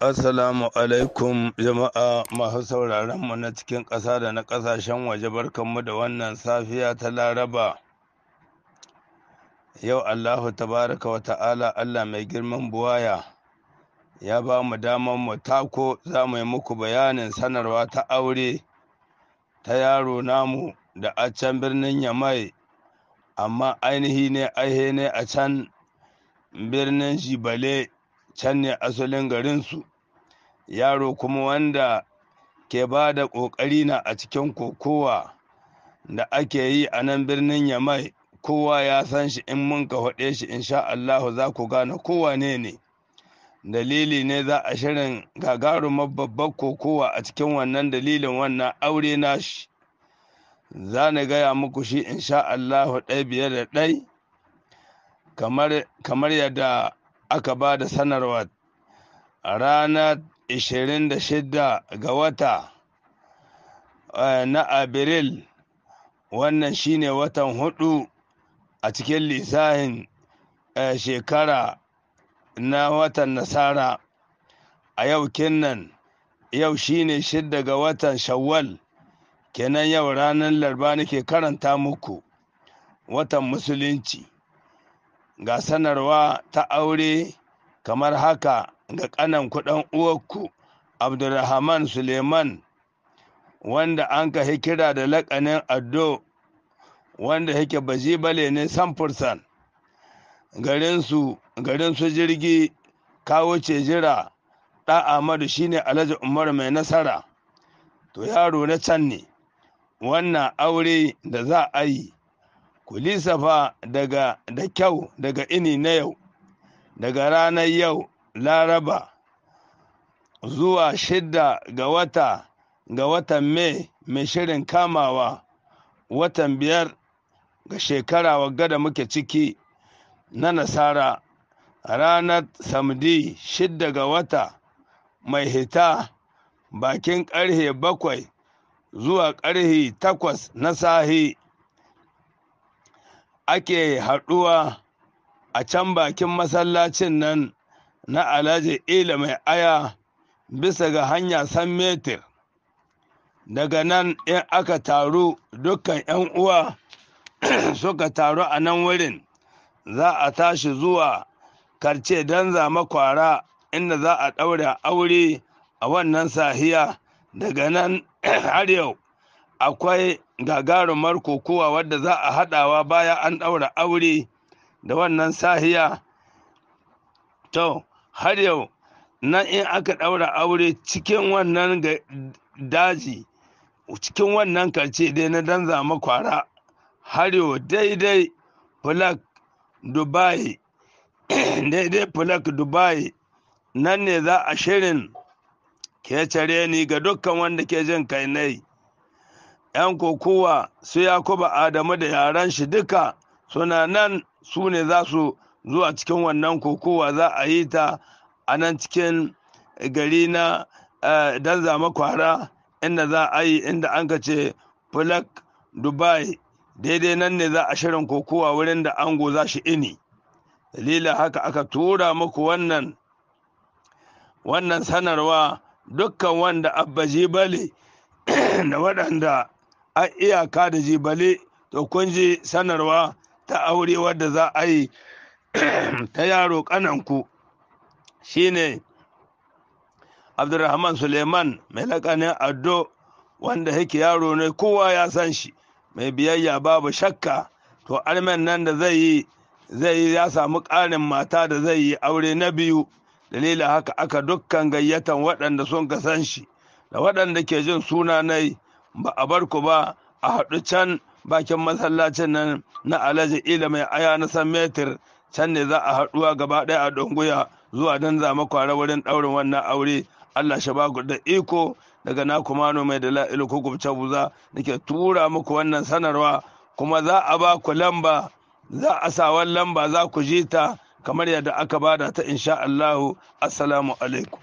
Assalamu alaikum jama'a masu sauraron mu na cikin ƙasa da na ƙasashen waje barkanmu da wannan safiya ta Laraba. Yau Allahu tabaraka wa ta'ala Allah mai girman buwaya ya ba mu damar mu tako za mu yi muku bayanin sanarwa ta aure ta yaro namu da a can birnin Yamai amma ainihi ne aihe ne a can birnin Jibale can ne asalin garinsu yaro kuma wanda ke ba da ƙoƙari na a cikin kokowa da ake yi a nan birnin yamai kowa ya san shi in mun ka haɗe shi insha Allahu za ku gane kowa ne ne dalili ne za a shirin gagaru babbar kokowa a cikin wannan dalilin wannan aure na shi za ni gaya muku shi insha Allahu ɗai biyar da ɗai kamar yadda aka ba da sanarwa ranar 26 ga wata eh, na Abril wannan shine watan hudu a cikin lisahin eh, shekara na watan nasara a yau kinnan yau shine shidda ga watan shawwal kenan yau ranar larba nake karanta muku watan musulunci ga sanarwa ta aure kamar haka ga ƙanan kuɗan uwarku abdulrahman suleiman wanda an ka kira da lakanin addo wanda yake bale ne samfursan garin su jirgi kawo ce jira Ɗa amadu shine alhaji umar mai nasara to yaro na can ne wannan aure da za a yi ku lissafa daga da kyau daga ini na yau daga ranar yau laraba zuwa shidda ga wata ga watan mai mai shirin kamawa watan biyar ga shekara wagga da muke ciki na nasara ranar samdi shidda ga wata mai hita bakin ƙarhe bakwai zuwa ƙarhe takwas na sahi ake haɗuwa a can bakin masallacin nan na alhaji ila mai aya bisa ga hanya san metir daga nan in aka taru dukkan 'yan uwa suka taru a nan wurin za a tashi zuwa karce don zama kwara inda za a ɗaura aure a wannan sahiya daga nan har yau akwai gagarumar kokowa wadda za a haɗawa baya an ɗaura aure da wannan sahiya to har yau nan in aka ɗaura aure cikin wannan daji cikin wannan karce dai na dan zama kwara har yau daidai fulak dubai daidai fulak dubai nan ne za a shirin ke cire ni ga dukkan wanda ke jin kai nai yan kokowa su yakuba adamu da yaran shi duka suna nan su ne za su zuwa cikin wannan kokowa za a yi ta a nan cikin gari na eh, dan zama kwara inda za a yi inda an ka ce fulak dubai daidai nan ne za a shirin kokowa wurin da an za shi ini dalila haka aka tura muku wannan wannan sanarwa dukkan wanda abba jibale da waɗanda a iyaka da jibale to kun ji sanarwa ta aure wadda za a yi ta yaro kananku shine abdurrahman suleiman mai lakanin addo wanda yake yaro ne kowa ya san shi mai biyayya babu shakka to armen nan da zai yi zai ya samu ƙarin mata da zai yi aure na biyu dalilin haka aka dukkan gayyatan waɗanda sun ka san shi da waɗanda ke jin suna ba a bar ku ba a haɗu can bakin masallacin nan na alhaji ila mai aya na san metir can ne za a haɗuwa gaba ɗaya a Ɗunguya zuwa don zama kwara wurin ɗaurin wannan aure allah shi ku da iko daga na kumano mai da la'ilu ko gubce buza nake tura muku wannan sanarwa kuma za a ba ku lamba za a sawan lamba za ku ji ta kamar yadda aka bada ta insha allahu assalamu alaikum